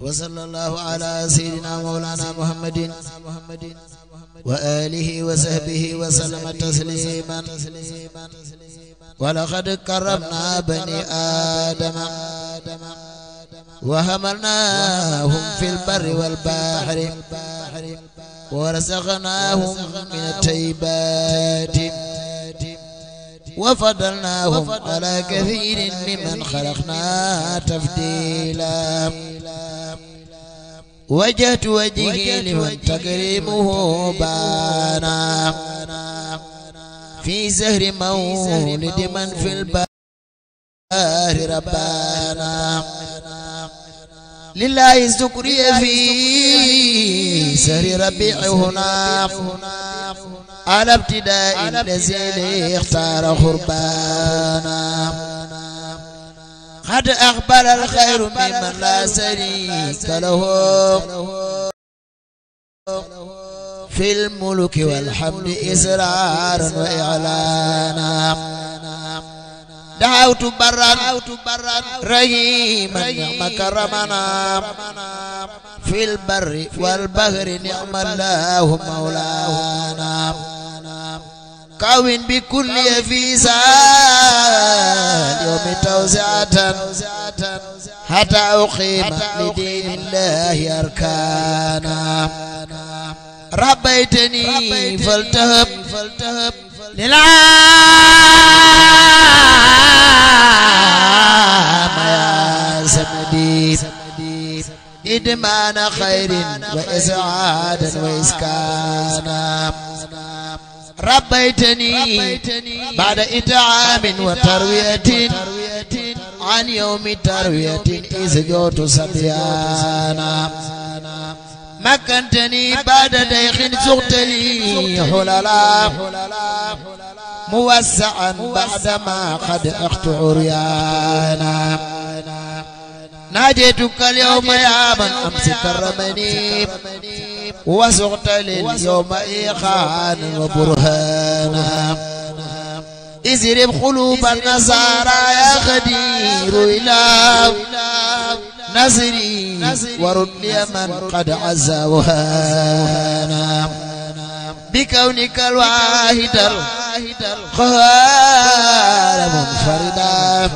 وصلى الله على سيدنا مولانا محمد وآله وصحبه وسلم تسليما ولقد كرمنا بني آدم وهملناهم في البر والبحر ورزقناهم من الطيبات وفضلناهم على كثير ممن خلقنا تفضيلا وجهت وجهي لمن تكريمه بانا في زهر مولد من في البار ربانا لله الزكري في سهر ربيع هنا على ابتداء الذي اختار خربانا قد أقبل الخير ممن لا شريك له في الملك والحمد إسرارا وإعلانا دعوت برا رحيما نعم كرمنا في البر والبحر نعم الله مولانا كاوين بكل فيزا يوم توزعتا حتى أقيم لدين الله أركانا ربيتني فالتهب للعام يا سمدي إدمان خير وإسعادا وإسكانا ربيتني بعد إتعام وتروية عن يوم تروية إذ جوت سبيانا مكنتني بعد ديخ زغتني حللا موسعا بعدما قد أخت عريانا ناجيتك اليوم يا من أمس كرمني وسقت لليوم إيقانا وبرهانا إزرب قلوب النصارى يا خدير إلى نزري ورد لي من قد عز وهانا بكونك الواحد القهار منفردا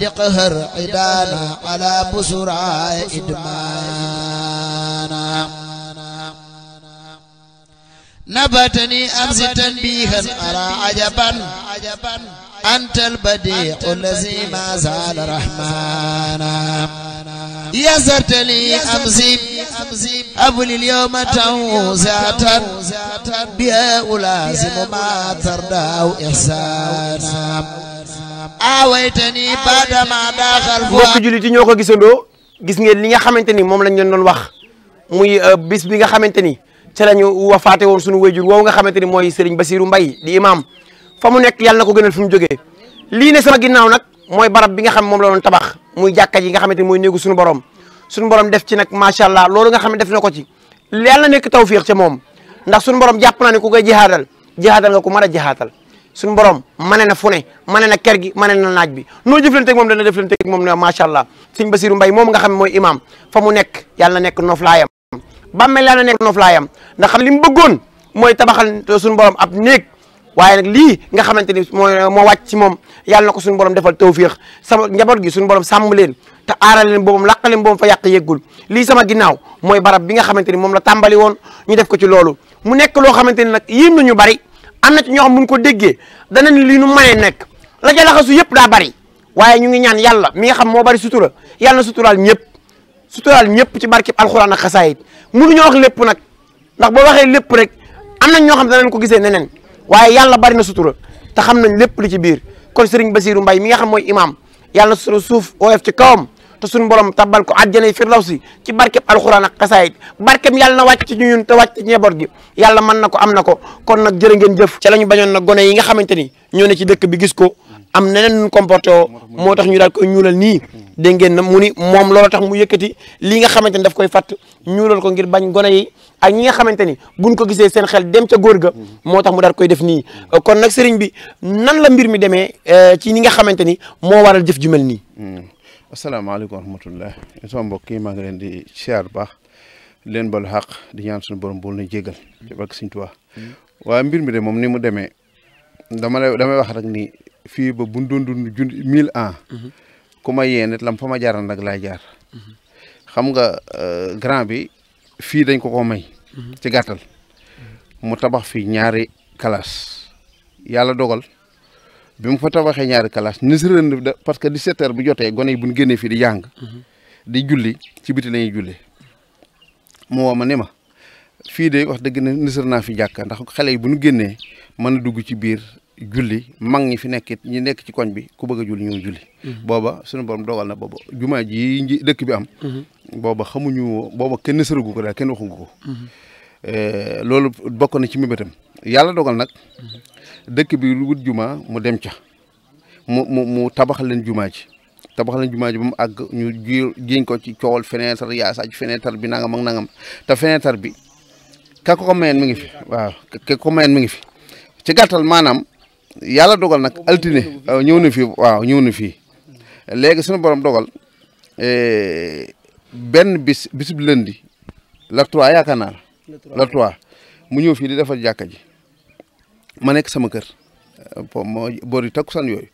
بقهر عدانا على بسرعة إدمانا نبتني أمس تنبيها أرى عجبا أنت البديع الذي ما زال رحمانا يا زرتني أمسي أبل اليوم توزعة بها ألازم ما ترداو إحسانا mbokk jullit yi ñoo ko gisandoo gis ngeen li nga xamante ni moom lañ leen doon wax muy euh, bis bi nga xamante ni ca la ñu wafaate woon suñu wéyjur woowu nga xamante ni mooy Serigne Bassirou Mbaye di imam fa mu nekk yàlla na ko gënal fi mu jógee lii ne sama ginnaaw nag mooy barab bi nga xam moom la doon tabax muy jàkka yi nga xamante ni mooy néegu suñu borom suñu borom def ci nag macha allah loolu nga xam ne def na ko ci yàlla na nekk tawfiix ca moom ndax suñu borom jàpp naa ne ku koy jihaadal jihaadal nga ko mën a jihaatal suñu borom mane na fu ne mane na ker gi mane na naaj bi noo jëflanteeg moom dana jëflanteeg moom ne macha allah sëñ Basiru Mbay moom nga xam mooy imam fa mu nekk yàlla na nekk noflaayam bàmmeel yàlla na nekk noflaayam ndax xam li mu bëggoon mooy tabaxal suñu borom ab néeg waaye nag lii nga xamante ni moo moo wàcc moom yàlla na ko suñu borom defal tawfiix sama njaboot gi suñu borom sàmm leen te aaral leen boobam làqal leen boobam fa yàq yeggul lii sama ginnaaw mooy barab bi nga xamante ni moom la tàmbali woon ñu def ko ci loolu mu nekk loo xamante ni nag yéem nañu bari am na ci ñoo xam buñ ko déggee danañ li nu mënee nekk la ca laxasu yëpp daa bari waaye ñu ngi ñaan yàlla mi nga xam moo bari sutura yàlla na suturaal ñëpp suturaal ñëpp ci barkeb alxuraan ak xasaayit mënuñoo wax lépp nag ndax boo waxee lépp rek am na ñoo xam danañ ko gisee neneen waaye yàlla bari na sutura te xam nañ lépp li ci biir ko kon Serigne Bassirou Mbaye mi nga xam mooy imaam yàlla na sutura suuf oyof ci kawam te suñu borom tabbal ko àjjanay firdawsi ci barkeb alxuraan ak xasaayit barkeb yàlla na wàcc ci ñun te wàcc ci njaboot gi yàlla mën na ko am na ko kon nag jërë ngeen jëf ca la ñu bañoon nag gone yi nga xamante ni ñoo ne ci dëkk bi gis ko am neneen ñu moo tax ñu daal ñuulal nii dégg ngeen na mu ni moom loolu tax mu yëkkati lii nga xamante ni daf koy fàtt ñuulal ko ngir bañ gone yi ak ñi nga xamante ni buñ ko gisee seen xel dem ca góor ga moo tax mu daal koy def nii kon nag sëriñ bi nan la mbir mi demee eh, ci ñi nga xamante ni moo waral jëf ju mel nii hmm. asalaamaaleykum wa rahmatullah sama mbokk yi maa ngi leen di siyaar baax leen balu xaq di ñaan suñu borom bool na jégal ci barke Sëñ waaye mbir mi de moom ni mu demee dama lay damay wax rek ni fii ba bu ñu doon dund jun mille ans ku ma yee nit fa ma jaaran nag laay jaar xam nga euh, grand bi fii dañ koko may ci gàttal mu tabax fii ñaari kalaas yàlla dogal bi mu fa tabaxee ñaari classe nisrën da parce que 17 heures bu jotee gone yi bu ñu génnee fii di jàng. di julli ci biti la ñuy julli mu woo ma ni ma fii de wax dëgg na nisër naa fi jàkka ndax xale yi bu ñu génnee mën a dugg ci biir julli mag ñi fi nekkit ñi nekk ci koñ bi ku bëgg a julli ñëw julli. Mhm. booba suñu borom dogal na booba jumaa ji dëkk bi am. Mhm. booba xamuñu booba kenn nisëragu ko daal kenn waxugu ko. Mhm. Eh, loolu bokk na ci mébétam yàlla dogal nag. dëkk bi wut jumaa mu dem ca mu mu mu tabax leen jumaa ji tabax leen jumaa ji ba mu àgg ñu jiñ ko ci coowal fenêtre yaa saaj fenêtre bi nangam mag nangam te fenêtre bi ka ko mayoon mi ngi fi waaw ka ko mayoon mi ngi fi ci gàttal maanaam yàlla dogal nag altine ñëw na fi waaw ñëw na fii léegi suñu borom dogal eh, benn bis bisub lëndi la trois yaakaar naa la trois mu ñëw fii di defar jàkka ji ma nekk sama kër moo boori takkusaan yooyu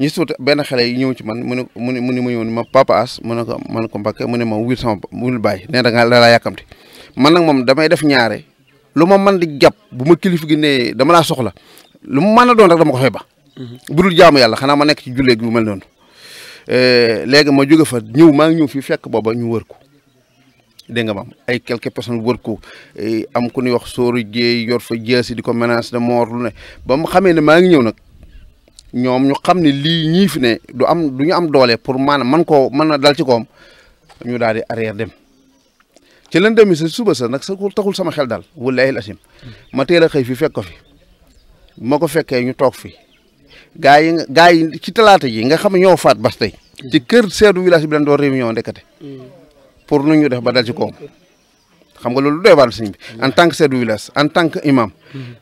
ñu suut benn xale yi ñëw ci man mu ne mu ne mu ne ma ñëw ma papa mu ne ko ma ne ko mbàkke mu ne ma wul sama wul bàyyi nee da ngaa da laa yàkkamti man nag moom damay def ñaare lu ma man di jàpp bu ma kilifa gi ne dama laa soxla lu mu mën a doon rek dama ko fay ba. Mhm. bu dul jaamu yàlla xanaa ma nekk ci julleeg bu mel noonu. Eh, léegi ma jóge fa ñëw maa ñëw fii fekk booba ñu wër ko. dégg nga maam ay quelques personnes wër ko am ku ñuy wax sóoru jéey yor fa jaasi di ko menace de mort lu ne ba mu xamee ne maa ngi ñëw nag ñoom ñu xam ne lii ñii fi ne du am du ñu am doole pour maanaam man koo mën na dal ci koom ñu daal di arrière dem ci leen demee sa suba sa nag sa taxul sama xel daal wallaahi asim ma teel a xëy fi fekk ko fi ma ko fekkee ñu toog fi gaa yi gaa yi ci talaata ji nga xam ne ñoo faat bas tey ci kër seedu village bi dañ doon réunion ndekete mm. pour nu ñu def ba dal ci kawam xam nga loolu doy waar sëñ bi en tant que chef de village en tant que imam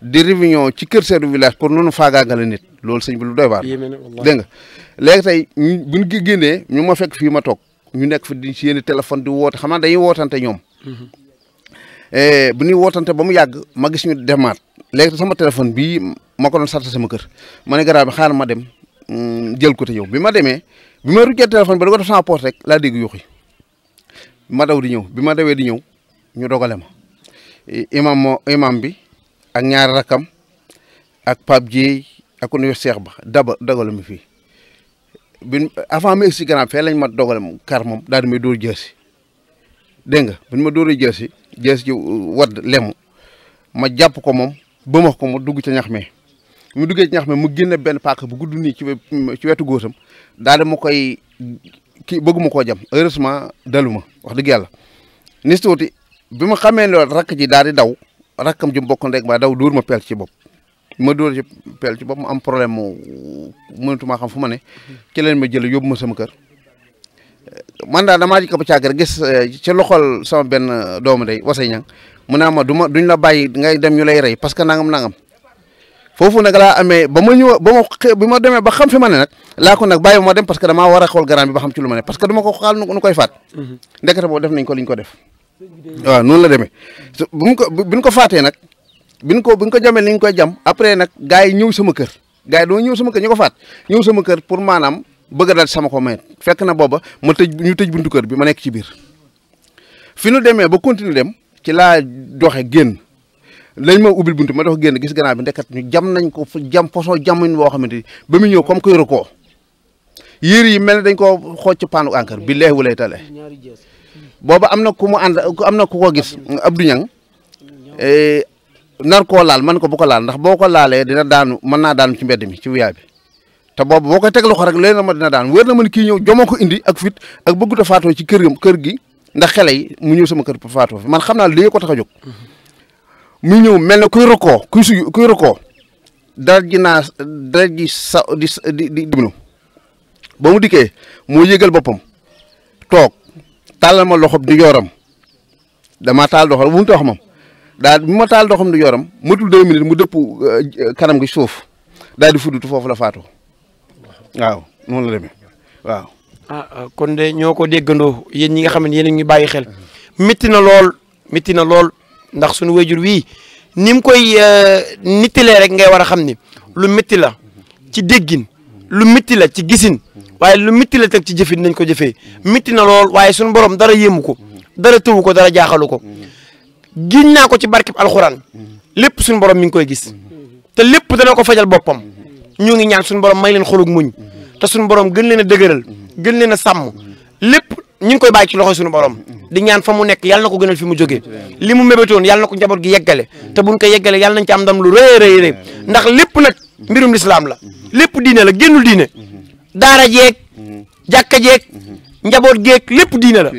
di réunion ci kër chef de village pour nunu faagaagale nit loolu sëñ bi lu doy waar dégg nga léegi tey buñ gi génnee ñu ma fekk fii ma toog ñu nekk fi di ci yéen téléphone di woote xam naa dañuy wootante ñoom mhm. eh, bu ñuy wootante ba mu yàgg ma gis demaat léegi sama téléphone bii ma ko doon sarta sama kër ma ne garab bi xaar ma dem mm, jël ko te ñëw bi ma demee bi ma rujjee téléphone ba da ko def sama rek laa dégg yuuxi ma daw di ñëw bi ma dawee di ñëw ñu dogale ma imam moo imam bi ak ñaari rakam ak Pape Dieye ak ku ñuy Cheikh Ba daba dogale ma fi bi avant ma lañ ma dogale ma kar moom daal di door dóor jeesi dégg nga buñ ma dóoree jeesi jeesi ji uh, wadd lemu ma jàpp ko moom bëmax ko mu dugg ca ñax me mu duggee ci ñax me mu génne benn paaka bu gudd nii ci wetu góosam daal di koy kii bëgguma koo jam heureusement daluma wax dëgg yàlla ni tuuti bi ma xamee loolu rakk ji daal di daw rakkam ji mu bokkoon rek ma daw door ma pel ci bopp ma door ci pel ci bopp ma am problème mu mënatumaa xam fu ma ne ci leen ma jël yóbbu ma sama kër man daal damaa ji ko ba caag rek eh, ci loxol sama benn doomu day wasay ñang mu naa ma du ma duñ la bàyyi ngay dem ñu lay rey parce que nangam nangam foofu nag laa amee ba ma ñëw ba ma bi ma demee ba xam fi ma ne nag laa ko nag bàyyi ma dem parce que damaa war a xool garaan bi ba xam ci ne parce que dama ko xaal nu koy faat mhm. ndekete ko liñ ko def noonu la demee buñ ko biñ ko faatee nag biñ ko biñ ko jamee liñ koy jam après nag gars yi ñëw sama kër gars yi dama ñëw sama kër ñu ko faat ñëw sama kër pour maanaam bëgg a daal sama ko mayet fekk na booba ma tëj ñu tëj buntu kër bi ma nekk ci biir fi nu demee ba continuer dem ci laa joxe génn lañ ma ubbil buntu ma dox génn gis ganaar bi ndekkat ñu jam nañ ko jam poson jamin boo xamante ni ba mu ñëw comme que yoru ko yére yi mel ne dañ koo xooj ci paanu encre bi leex walay tale booba am na ku mu ànd am na ku ko gis Abdou Niang e, nar koo laal man ko bu ko laal ndax boo ko laalee dina daanu mën naa daanu ci mbedd mi ci wuyaay bi te boobu boo ko teg loxo rek léegi na ma dina daan wér na man kii ñëw jomoo ko indi ak fit ak bëggut a faatoo ci kër kër gi ndax xale mu ñëw sama kër pour faatoo man xam naa lii ko tax a jog muy ñëw mel na kuy rokkoo su kuy rokkoo dara ji naa dara ji sa di di di déglu ba mu dikkee moo yëgal boppam toog tàllal ma loxo di yooram damaa taal doxal bu mu tax daal bi ma taal doxam di yooram matul deux minutes mu dëpp euh, kanam gi suuf daal di fuddutu foofu la faatoo waaw noonu la demee waaw. Ah, ah, kon de ñoo ko déggandoo yéen ñi nga xam ne yéen a ngi bàyyi xel. métti na lool métti na lool. ndax suñu wéjur wii ni mu koy euh, nittilee rek ngay war a xam ni lu métti la ci déggin lu métti la ci gisin waaye lu métti la teg ci jëfin nañ ko jëfee métti na lool waaye suñu borom dara yéemu ko dara tëwu ko dara jaaxalu ko giñ naa ko ci barkeb alxuraan lépp suñu borom mi ngi koy gis te lépp dana ko fajal boppam ñu ngi ñaan suñu borom may leen xolug muñ te suñu borom gën leen a dëgëral gën leen a sàmm lépp ñu ngi koy bàyyi ci loxo sunu borom di ñaan fa mu nekk yàlla na ko gënal fi mu jógee li mu mébétoon yàlla na ko njaboot gi yeggale te buñ ko yeggale yàlla nañ am ndam lu rëy rey rëy ndax lépp nag mbirum lislaam la lépp diine la génnul diine daara jeeg jàkka jeeg njaboot geeg lépp diine la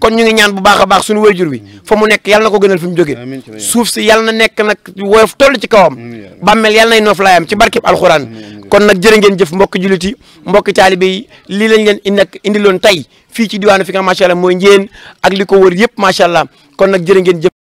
kon ñu ngi ñaan bu baax a baax suñu wayjur bi fa mu nekk yàlla na ko gënal fi mu jógee suuf si yàlla na nekk nag woyof toll ci kawam bàmmeel yàlla nay noof laayam ci barkib alxuraan kon nag jërë ngeen jëf mbokk jullit yi mbokk taalibe yi lii lañ leen indi nag indiloon tey fii ci diwaanu fi nga macha allah mooy njéen ak li ko wër yëpp macha allah kon nag jërë ngeen jëf